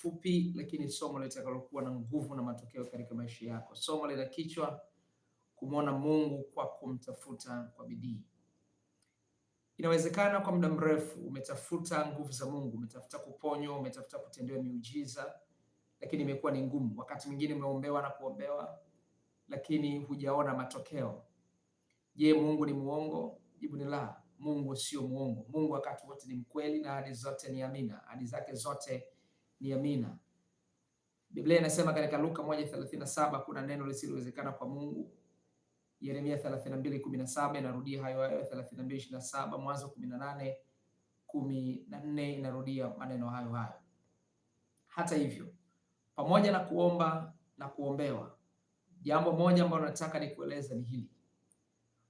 fupi, lakini somo litakalokuwa na nguvu na matokeo katika maisha yako. Somo lina kichwa kumwona Mungu kwa kumtafuta kwa bidii. Inawezekana kwa muda mrefu umetafuta nguvu za Mungu, umetafuta kuponywa, umetafuta kutendewa miujiza, lakini imekuwa ni ngumu. Wakati mwingine umeombewa na kuombewa, lakini hujaona matokeo. Je, Mungu ni muongo? Jibu ni la. Mungu sio muongo. Mungu wakati wote ni mkweli na ahadi zote ni amina. Ahadi zake zote ni amina. Biblia inasema katika Luka 1:37 kuna neno lisilowezekana kwa Mungu. Yeremia 32:17 inarudia hayo hayo, 32:27, Mwanzo 18:14 inarudia maneno hayo hayo. Hata hivyo, pamoja na kuomba na kuombewa, jambo moja ambalo nataka nikueleza ni hili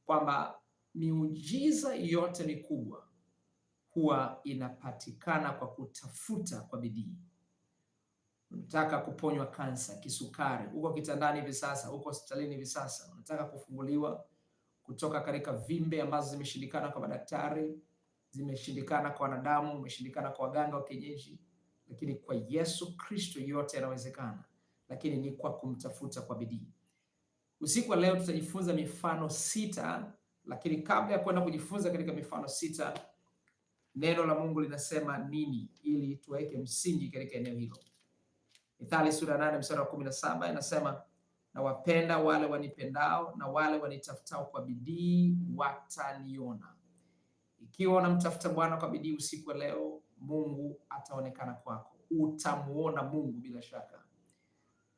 kwamba miujiza yote mikubwa huwa inapatikana kwa kutafuta kwa bidii unataka kuponywa kansa, kisukari, uko kitandani hivi sasa, uko hospitalini hivi sasa, unataka kufunguliwa kutoka katika vimbe ambazo zimeshindikana kwa madaktari, zimeshindikana kwa wanadamu, umeshindikana kwa waganga wa kienyeji, lakini kwa Yesu Kristo yote yanawezekana, lakini ni kwa kumtafuta kwa bidii. Usiku wa leo tutajifunza mifano sita, lakini kabla ya kwenda kujifunza katika mifano sita, neno la Mungu linasema nini ili tuweke msingi katika eneo hilo. Mithali sura nane mstari wa kumi na saba inasema nawapenda wale wanipendao na wale wanitafutao kwa bidii wataniona. Ikiwa unamtafuta Bwana kwa bidii usiku wa leo, Mungu ataonekana kwako, utamuona Mungu bila shaka.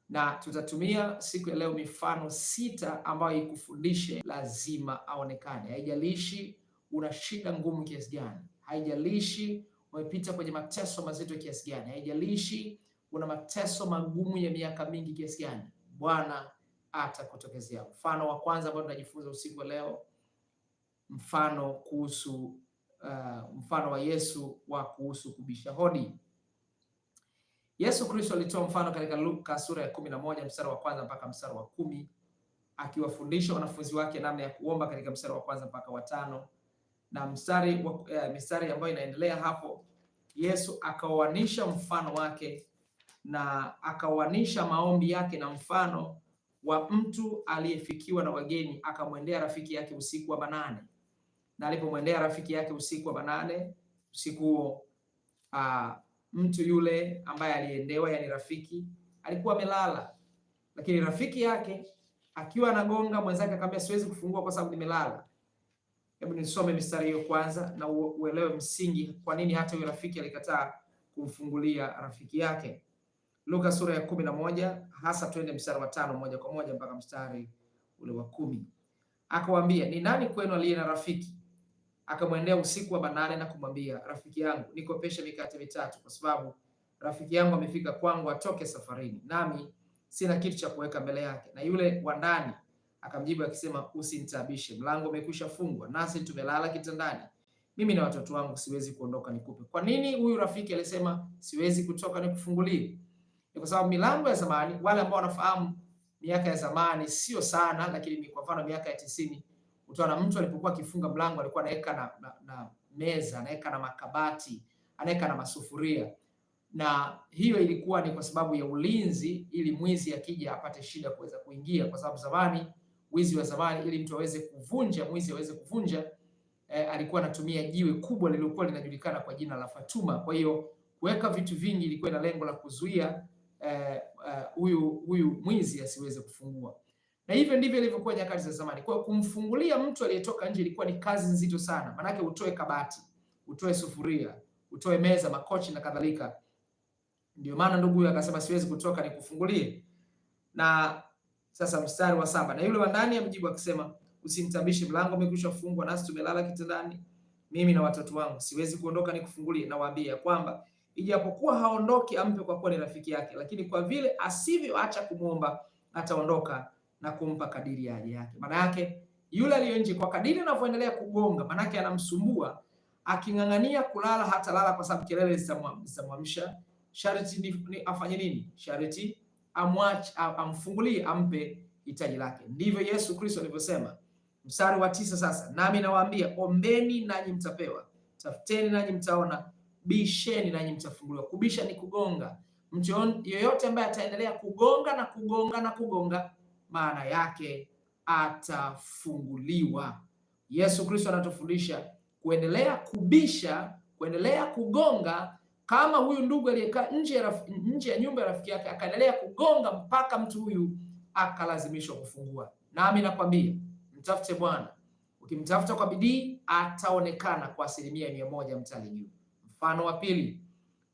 Na tutatumia siku ya leo mifano sita ambayo ikufundishe lazima aonekane. Haijalishi una shida ngumu kiasi gani, haijalishi umepita kwenye mateso mazito kiasi gani, haijalishi una mateso magumu ya miaka mingi kiasi gani, Bwana atakutokezea. Mfano wa kwanza ambao tunajifunza usiku wa leo, mfano kuhusu uh, mfano wa Yesu wa kuhusu kubisha hodi. Yesu Kristo alitoa mfano katika Luka sura ya kumi na moja mstari wa kwanza mpaka mstari wa kumi akiwafundisha wanafunzi wake namna ya kuomba katika mstari wa kwanza mpaka watano na mstari wa, uh, mistari ambayo inaendelea hapo Yesu akaoanisha mfano wake na akawanisha maombi yake na mfano wa mtu aliyefikiwa na wageni, akamwendea rafiki yake usiku wa manane. Na alipomwendea rafiki yake usiku wa manane, usiku huo uh, mtu yule ambaye aliendewa, yani rafiki, alikuwa amelala, lakini rafiki yake akiwa anagonga mwenzake akamwambia, siwezi kufungua kwa sababu nimelala. Hebu nisome mistari hiyo kwanza na uelewe msingi kwa nini hata yule rafiki alikataa kumfungulia rafiki yake. Luka sura ya kumi na moja hasa twende mstari wa tano moja kwa moja mpaka mstari ule wa kumi. Akawaambia, ni nani kwenu aliye na rafiki akamwendea usiku wa manane na kumwambia, rafiki yangu nikopeshe mikate mitatu, kwa sababu rafiki yangu amefika kwangu atoke safarini, nami sina kitu cha kuweka mbele yake. Na yule wa ndani akamjibu akisema, usinitabishe mlango umekwisha fungwa, nasi tumelala kitandani, mimi na watoto wangu, siwezi kuondoka nikupe. Kwa nini huyu rafiki alisema siwezi kutoka nikufungulie? ni kwa sababu milango ya zamani, wale ambao wanafahamu miaka ya zamani sio sana, lakini ni kwa mfano miaka ya tisini utaona mtu alipokuwa akifunga mlango alikuwa anaweka na, na, na meza anaweka na makabati anaweka na masufuria, na hiyo ilikuwa ni kwa sababu ya ulinzi, ili mwizi akija apate shida kuweza kuingia, kwa sababu zamani, wizi wa zamani, ili mtu aweze kuvunja, mwizi aweze kuvunja eh, alikuwa anatumia jiwe kubwa lililokuwa linajulikana kwa jina la Fatuma. Kwa hiyo kuweka vitu vingi ilikuwa na lengo la kuzuia Eh, eh, huyu uh, uh, huyu mwizi asiweze kufungua, na hivyo ndivyo ilivyokuwa nyakati za zamani. Kwa kumfungulia mtu aliyetoka nje ilikuwa ni kazi nzito sana, maanake utoe kabati, utoe sufuria, utoe meza, makochi na kadhalika. Ndio maana ndugu huyu akasema siwezi kutoka, nikufungulie. Na sasa mstari wa saba, na yule wa ndani amjibu akisema, usimtabishe, mlango umekwisha kufungwa, nasi tumelala kitandani, mimi na watoto wangu, siwezi kuondoka nikufungulie. Nawaambia kwamba ijapokuwa haondoki ampe kwa kuwa ni rafiki yake, lakini kwa vile asivyoacha kumwomba ataondoka na kumpa kadiri ya haja yake. Maana yake yule aliye nje, kwa kadiri anavyoendelea kugonga, maana yake anamsumbua. Aking'ang'ania kulala lala, kwa sababu kelele zitamwamsha. Sharti ni, ni afanye nini? Sharti amwache, amfungulie, ampe hitaji lake. Ndivyo Yesu Kristo alivyosema. Mstari wa tisa sasa, nami nawaambia, ombeni nanyi mtapewa, tafuteni nanyi mtaona bisheni nanyi mtafunguliwa. Kubisha ni kugonga. Mtu yoyote ambaye ataendelea kugonga na kugonga na kugonga, maana yake atafunguliwa. Yesu Kristo anatufundisha kuendelea kubisha, kuendelea kugonga. Kama huyu ndugu aliyekaa nje, nje ya nyumba ya rafiki yake akaendelea kugonga mpaka mtu huyu akalazimishwa kufungua. Nami nakwambia mtafute Bwana, ukimtafuta kwa bidii ataonekana kwa asilimia mia moja mtalijua. Mfano wa pili,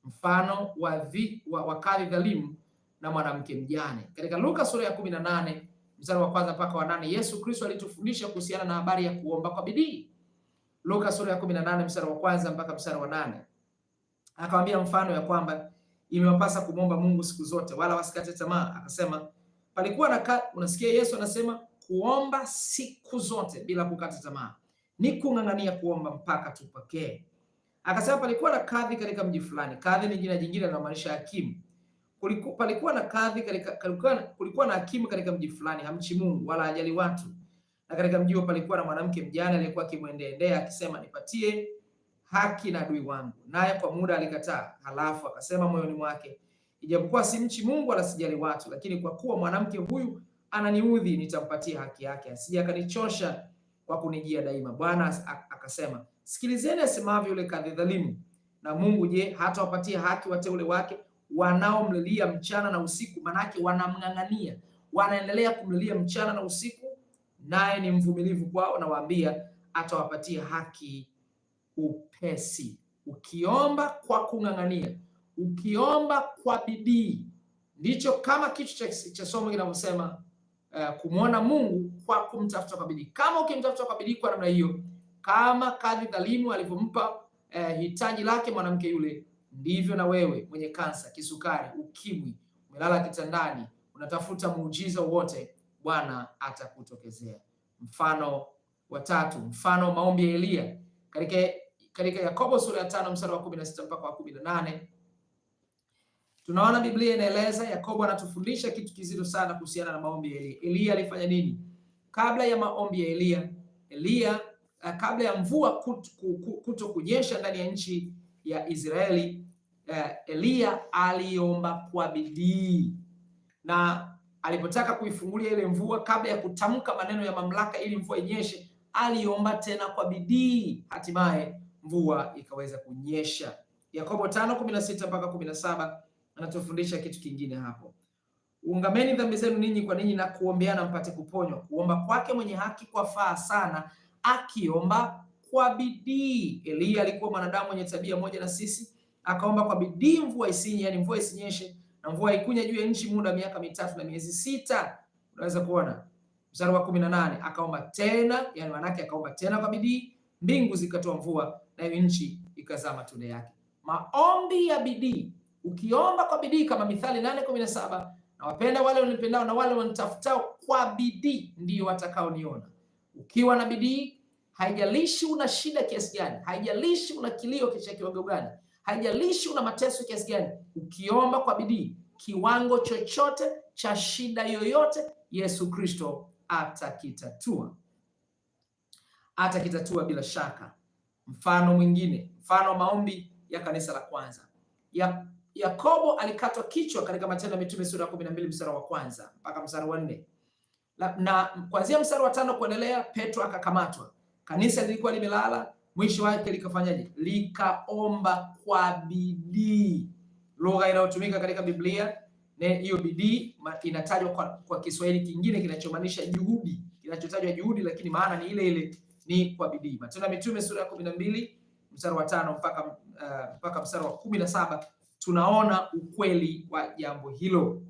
mfano wa, dhi, wa, wa kadhi dhalimu na mwanamke mjane. Katika Luka sura ya 18 mstari wa kwanza mpaka wa nane Yesu Kristo alitufundisha kuhusiana na habari ya kuomba kwa bidii. Luka sura ya 18 mstari wa kwanza mpaka mstari wa nane Akawaambia mfano ya kwamba imewapasa kumwomba Mungu siku zote wala wasikate tamaa. Akasema palikuwa na unasikia Yesu anasema kuomba siku zote bila kukata tamaa ni kung'ang'ania kuomba mpaka tupokee. Akasema palikuwa na kadhi katika mji fulani. Kadhi ni jina jingine linalomaanisha hakimu. Kuliku, palikuwa na kadhi katika kulikuwa, kulikuwa na hakimu katika mji fulani, hamchi Mungu wala hajali watu. Na katika mji huo palikuwa na mwanamke mjane aliyekuwa akimwendeendea akisema, nipatie haki na adui wangu, naye kwa muda alikataa. Halafu akasema moyoni mwake, ijapokuwa simchi Mungu wala sijali watu, lakini kwa kuwa mwanamke huyu ananiudhi, nitampatia haki yake, asije akanichosha kwa kunijia daima. Bwana akasema Sikilizeni asemavyo yule kadhi dhalimu. Na Mungu je, hatawapatia haki wateule wake wanaomlilia mchana na usiku? Manake wanamng'ang'ania, wanaendelea kumlilia mchana na usiku, naye ni mvumilivu kwao. Nawaambia atawapatia haki upesi. Ukiomba kwa kung'ang'ania, ukiomba kwa bidii, ndicho kama kichwa cha somo kinavyosema, uh, kumwona Mungu kwa kumtafuta kwa bidii. Kama ukimtafuta kwa bidii kwa namna hiyo kama kadhi dhalimu alivyompa eh, hitaji lake mwanamke yule, ndivyo na wewe mwenye kansa, kisukari, ukimwi, umelala kitandani, unatafuta muujiza wote, Bwana atakutokezea. Mfano wa tatu, mfano maombi ya Eliya katika katika Yakobo sura ya tano mstari wa 16 mpaka wa 18 tunaona Biblia inaeleza, Yakobo anatufundisha kitu kizito sana kuhusiana na maombi ya Eliya. Eliya alifanya nini kabla ya maombi ya Eliya? Eliya Eh, kabla ya mvua kuto kunyesha ndani ya nchi ya Israeli, uh, Eliya aliomba kwa bidii, na alipotaka kuifungulia ile mvua, kabla ya kutamka maneno ya mamlaka ili mvua inyeshe, aliomba tena kwa bidii, hatimaye mvua ikaweza kunyesha. Yakobo 5:16 mpaka 17 anatufundisha kitu kingine hapo. Ungameni dhambi zenu ninyi kwa ninyi na kuombeana mpate kuponywa. Kuomba kwake mwenye haki kwa faa sana akiomba kwa bidii. Eliya alikuwa mwanadamu mwenye tabia moja na sisi, akaomba kwa bidii mvua isinye, yani mvua isinyeshe, na mvua ikunya juu ya nchi muda miaka mitatu na miezi sita. Unaweza kuona mstari wa kumi na nane akaomba tena, yani manake akaomba tena kwa bidii, mbingu zikatoa mvua, nayo nchi ikazaa matunda yake. Maombi ya bidii, ukiomba kwa bidii kama Mithali nane kumi na saba na wapenda wale wanipendao na wale wanitafutao kwa bidii ndiyo watakaoniona. Ukiwa na bidii Haijalishi una shida kiasi gani, haijalishi una kilio cha kiwango gani, haijalishi una mateso kiasi gani, ukiomba kwa bidii, kiwango chochote cha shida yoyote, Yesu Kristo atakitatua, atakitatua bila shaka. Mfano mwingine, mfano maombi ya kanisa la kwanza ya Yakobo alikatwa kichwa katika Matendo ya Mitume sura ya 12 mstari wa kwanza mpaka mstari wa nne na kuanzia mstari wa tano kuendelea, Petro akakamatwa Kanisa lilikuwa limelala, mwisho wake likafanyaje? Likaomba kwa bidii. Lugha inayotumika katika Biblia ne hiyo bidii inatajwa kwa, kwa Kiswahili kingine kinachomaanisha juhudi, kinachotajwa juhudi, lakini maana ni ile ile, ni kwa bidii. Matendo ya Mitume sura ya kumi na mbili mstari wa tano mpaka uh, mpaka mstari wa kumi na saba tunaona ukweli wa jambo hilo.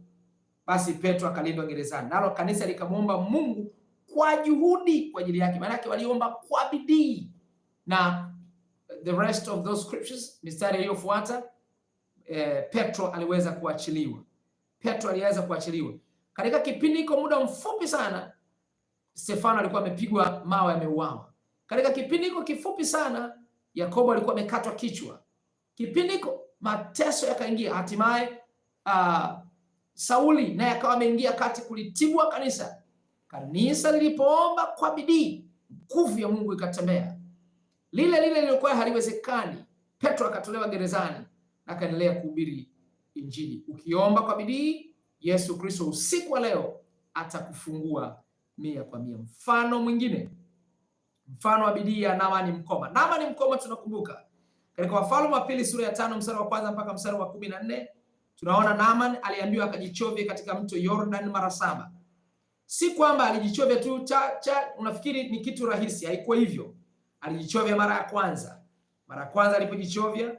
Basi Petro akalindwa gerezani, nalo kanisa likamwomba Mungu kwa juhudi kwa ajili yake, maanake waliomba kwa bidii. Na the rest of those scriptures, mistari iliyofuata eh, Petro aliweza kuachiliwa. Petro aliweza kuachiliwa katika kipindi iko muda mfupi sana. Stefano alikuwa amepigwa mawe, ameuawa. Katika kipindi iko kifupi sana, Yakobo alikuwa amekatwa kichwa. Kipindi iko mateso yakaingia, hatimaye uh, Sauli naye akawa ameingia kati kulitibwa kanisa Kanisa lilipoomba kwa bidii, nguvu ya Mungu ikatembea. Lile lile lilikuwa haliwezekani, Petro akatolewa gerezani na akaendelea kuhubiri Injili. Ukiomba kwa bidii, Yesu Kristo usiku wa leo atakufungua mia kwa mia. Mfano mwingine, mfano wa bidii ya Naamani mkoma. Naamani mkoma tunakumbuka katika Wafalme wa Pili sura ya tano mstari wa kwanza mpaka mstari wa kumi na nne tunaona Naaman aliambiwa akajichovye katika mto Yordan mara saba Si kwamba alijichovya tu cha cha, unafikiri ni kitu rahisi. Haikuwa hivyo, alijichovya mara ya kwanza. Mara ya kwanza alipojichovya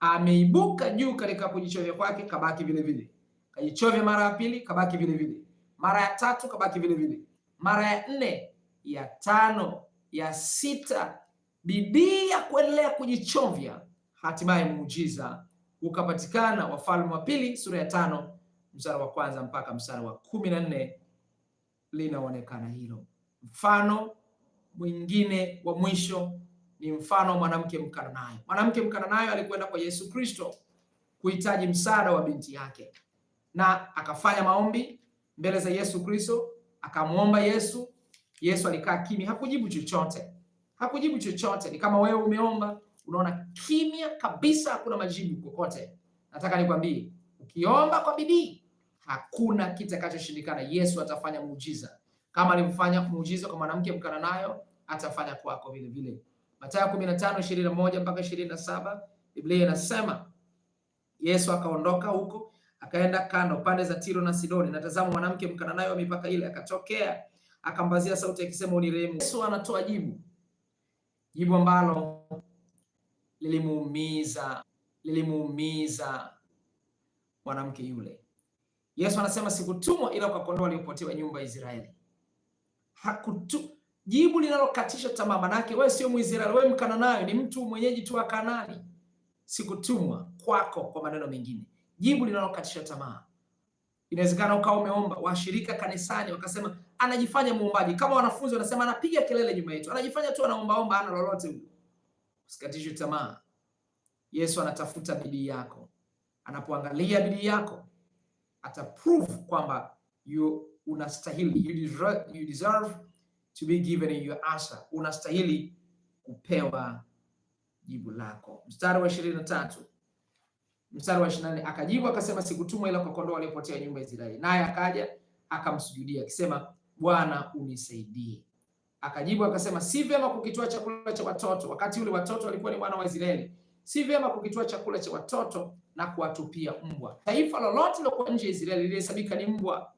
ameibuka juu katika kujichovya kwake, kabaki vile vile. Kajichovya mara ya pili, kabaki vile vile. Mara ya tatu, kabaki vile vile. Mara ya nne, ya tano, ya sita, bidii ya kuendelea kujichovya, hatimaye muujiza ukapatikana. Wafalme wa Pili sura ya tano mstari wa kwanza mpaka mstari wa kumi na nne linaonekana hilo. Mfano mwingine wa mwisho ni mfano mwanamke Mkananayo. Mwanamke Mkananayo alikwenda kwa Yesu Kristo kuhitaji msaada wa binti yake, na akafanya maombi mbele za Yesu Kristo, akamwomba Yesu. Yesu alikaa kimya, hakujibu chochote, hakujibu chochote. Ni kama wewe umeomba, unaona kimya kabisa, hakuna majibu kokote. Nataka nikwambie, ukiomba kwa bidii hakuna kitakachoshindikana. Yesu atafanya muujiza kama alivyofanya muujiza kwa mwanamke mkana nayo, atafanya kwako vile vile. Mathayo 15:21 mpaka 27, Biblia inasema Yesu akaondoka huko akaenda kando pande za Tiro na Sidoni, na tazama, mwanamke mkana nayo mipaka ile akatokea akambazia sauti akisema, unirehemu. Yesu anatoa jibu, jibu ambalo lilimuumiza lilimuumiza mwanamke yule. Yesu anasema sikutumwa ila kwa kondoo waliopotewa nyumba ya Israeli. Hakutu jibu linalokatisha tamaa, manake wewe sio Mwisraeli, wewe Mkananayo, ni mtu mwenyeji tu wa Kanaani. Sikutumwa kwako, kwa maneno mengine, jibu linalokatisha tamaa. Inawezekana ukawa umeomba washirika kanisani wakasema anajifanya muombaji, kama wanafunzi wanasema anapiga kelele nyuma yetu, anajifanya tu anaombaomba, ana lolote huyo. Usikatishwe tamaa. Yesu anatafuta bidii yako, anapoangalia bidii yako ata prove kwamba you unastahili, you deserve, you deserve to be given your answer, unastahili kupewa jibu lako. Mstari wa ishirini na tatu mstari wa ishirini na nne akajibu akasema, sikutumwa ila kwa kondoo waliopotea nyumba ya Israeli. Naye akaja akamsujudia akisema, Bwana unisaidie. Akajibu akasema, si vyema kukitoa chakula cha watoto. Wakati ule watoto walikuwa ni wana wa Israeli. Si vyema kukitoa chakula cha watoto na kuwatupia mbwa. Taifa lolote lilokuwa nje ya Israeli lilihesabika ni mbwa.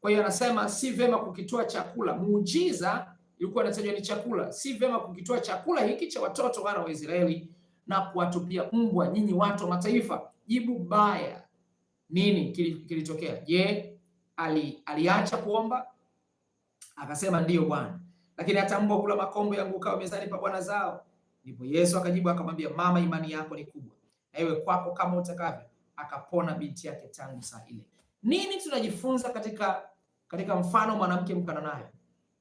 Kwa hiyo anasema si vema kukitoa chakula. Muujiza ilikuwa inatajwa ni chakula. Si vema kukitoa chakula hiki cha watoto wana wa Israeli na kuwatupia mbwa, nyinyi watu wa mataifa. Jibu baya. Nini kilitokea? Je, ali, aliacha kuomba? Akasema ndiyo Bwana, lakini hata mbwa kula makombo yaangukayo mezani pa bwana zao. Ndipo Yesu akajibu akamwambia, mama, imani yako ni kubwa, ewe kwako kama utakavyo. Akapona binti yake tangu saa ile. Nini tunajifunza katika katika mfano mwanamke mkananayo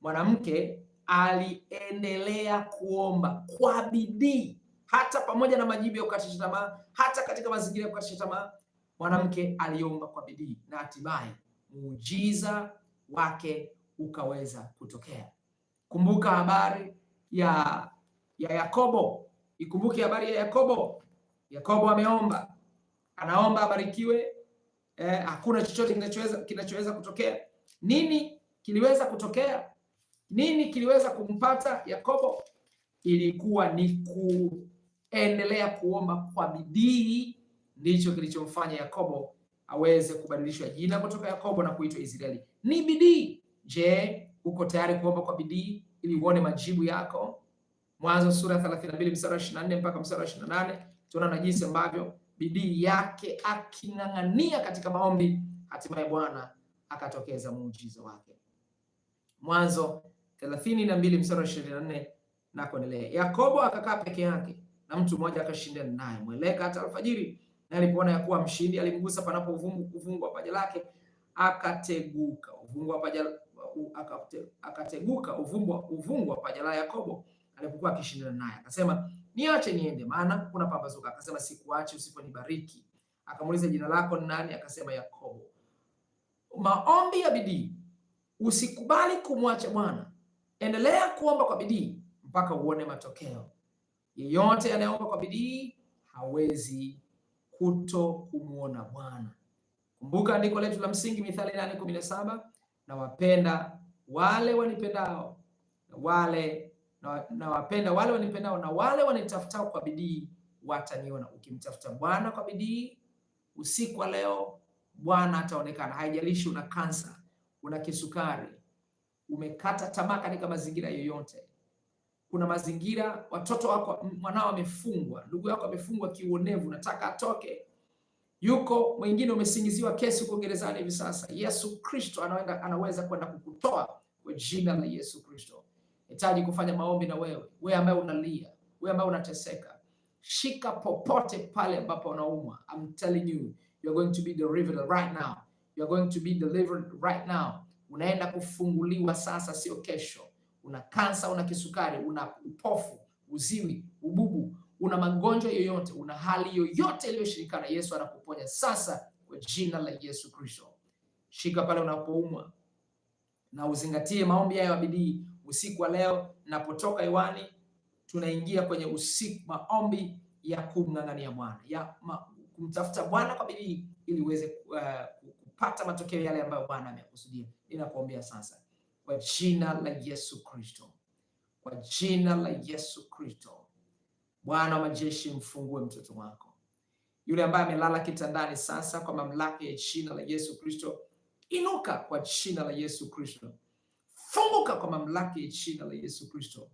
Mwanamke aliendelea kuomba kwa bidii, hata pamoja na majibu ya kukatisha tamaa, hata katika mazingira ya kukatisha tamaa, mwanamke aliomba kwa bidii na hatimaye muujiza wake ukaweza kutokea. Kumbuka habari ya ya Yakobo, ikumbuke habari ya Yakobo Yakobo ameomba, anaomba abarikiwe eh, hakuna chochote kinachoweza kinachoweza kutokea. Nini kiliweza kutokea? Nini kiliweza kumpata Yakobo? Ilikuwa ni kuendelea kuomba kwa bidii, ndicho kilichomfanya Yakobo aweze kubadilishwa jina kutoka Yakobo na kuitwa Israeli. Ni bidii. Je, uko tayari kuomba kwa bidii ili uone majibu yako? Mwanzo sura 32 mstari wa 24 mpaka mstari wa 28 tunaona jinsi ambavyo bidii yake aking'ang'ania katika maombi, hatimaye Bwana akatokeza muujiza wake. Mwanzo 32 na mstari wa 24 na kuendelea. Yakobo akakaa peke yake na mtu mmoja akashinda naye mweleka hata alfajiri, na alipoona ya kuwa mshindi alimgusa panapo uvungu uvungu wa paja lake, akateguka uvungu wa paja akateguka uvungu uvungu wa paja la Yakobo alipokuwa akishindana naye, akasema niache niende, maana kuna pambazuka. Akasema sikuache usiponibariki. Akamuuliza jina lako ni nani? Akasema Yakobo. Maombi ya bidii, usikubali kumwacha Bwana. Endelea kuomba kwa bidii mpaka uone matokeo. Yeyote anayeomba kwa bidii hawezi kuto kumwona Bwana. Kumbuka andiko letu la msingi, Mithali nane kumi na saba, na wapenda wale wanipendao na wale na nawapenda wale wanipendao na wale wanitafutao kwa bidii wataniona. Ukimtafuta Bwana kwa bidii usiku wa leo, Bwana ataonekana. Haijalishi una kansa, una kisukari, umekata tamaa katika mazingira yoyote. Kuna mazingira, watoto wako, mwanao amefungwa, ndugu yako amefungwa kiuonevu, nataka atoke yuko mwingine umesingiziwa kesi huko gerezani hivi sasa. Yesu Kristo anaweza kwenda kukutoa kwa jina la Yesu Kristo hitaji kufanya maombi na wewe, wewe ambaye unalia, wewe ambaye unateseka, shika popote pale ambapo unaumwa. I'm telling you you are going to be delivered right now, you are going to be delivered right now. Unaenda kufunguliwa sasa, sio kesho. Una kansa, una kisukari, una upofu, uziwi, ububu, una magonjwa yoyote, una hali yoyote iliyoshirikana, Yesu anakuponya sasa kwa jina la Yesu Kristo. Shika pale unapoumwa na uzingatie maombi hayo ya bidii usiku wa leo napotoka iwani tunaingia kwenye usiku maombi ya kumng'ang'ania Bwana ya ma, kumtafuta Bwana kwa bidii ili uweze uh, kupata matokeo yale ambayo Bwana amekusudia. Ninakuombea sasa kwa jina la Yesu Kristo, kwa jina la Yesu Kristo. Bwana wa majeshi, mfungue mtoto wako yule ambaye amelala kitandani sasa, kwa mamlaka ya jina la Yesu Kristo, inuka kwa jina la Yesu Kristo. Funguka kwa mamlaka ya jina la Yesu Kristo.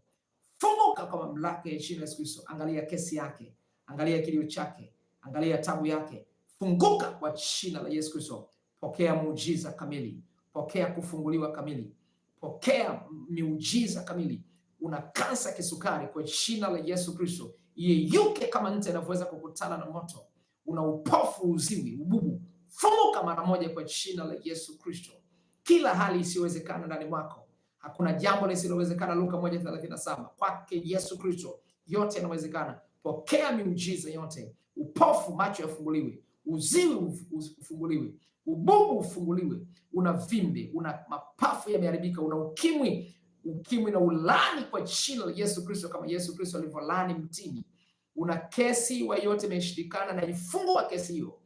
Funguka kwa mamlaka ya jina la Yesu Kristo. Angalia kesi yake, angalia kilio chake, angalia tabu yake. Funguka kwa jina la Yesu Kristo. Pokea muujiza kamili, pokea kufunguliwa kamili, pokea miujiza kamili. Una kansa kisukari, kwa jina la Yesu Kristo yeyuke kama nta inavyoweza kukutana na moto. Una upofu, uziwi, ububu, funguka mara moja kwa jina la Yesu Kristo. Kila hali isiyowezekana ndani mwako Hakuna jambo lisilowezekana, Luka 1:37. Kwake Yesu Kristo yote yanawezekana. Pokea miujiza yote, upofu macho yafunguliwe, uziwi ufunguliwe, ubugu ufunguliwe, una vimbe, una mapafu yameharibika, una ukimwi, ukimwi na ulani kwa jina la Yesu Kristo, kama Yesu Kristo alivyolani mtini. Una kesi wa yote imeshindikana, na ifungua kesi hiyo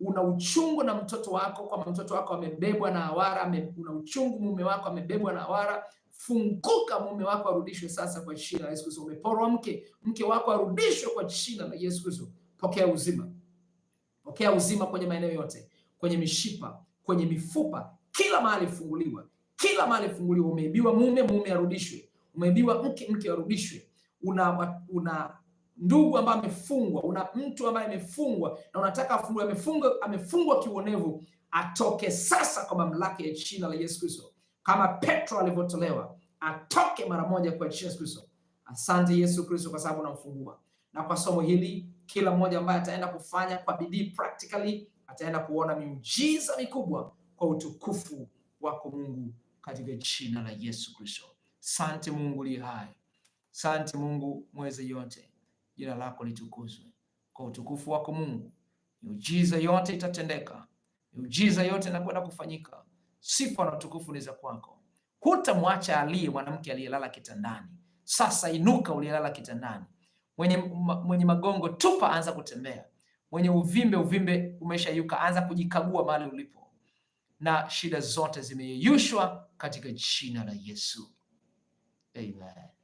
una uchungu na mtoto wako, kwa mtoto wako amebebwa na hawara, una uchungu mume wako amebebwa na awara funguka, mume wako arudishwe sasa kwa jina la Yesu Kristo. Umeporwa mke, mke wako arudishwe kwa jina la Yesu Kristo. Pokea uzima, pokea uzima kwenye maeneo yote, kwenye mishipa, kwenye mifupa, kila mahali funguliwa, kila mahali funguliwa. Umeibiwa mume, mume arudishwe. Umeibiwa mke, mke arudishwe. una, una ndugu ambaye amefungwa, una mtu ambaye amefungwa na unataka afungwe, amefungwa, amefungwa kiuonevu, atoke sasa kwa mamlaka ya jina la Yesu Kristo, kama Petro alivyotolewa, atoke mara moja kwa jina la Yesu Kristo. Asante Yesu Kristo kwa sababu unamfungua. Na kwa somo hili, kila mmoja ambaye ataenda kufanya kwa bidii practically ataenda kuona miujiza mikubwa kwa utukufu wako Mungu, katika jina la Yesu Kristo. Sante Mungu li hai, sante Mungu mweze yote jina lako litukuzwe kwa utukufu wako Mungu. Miujiza yote itatendeka, miujiza yote inakwenda kufanyika. Sifa na utukufu ni za kwako. Hutamwacha aliye mwanamke aliyelala kitandani. Sasa inuka, uliyelala kitandani, mwenye mwenye magongo, tupa, anza kutembea. Mwenye uvimbe, uvimbe umeshayuka, anza kujikagua mahali ulipo, na shida zote zimeyeyushwa katika jina la Yesu, amen.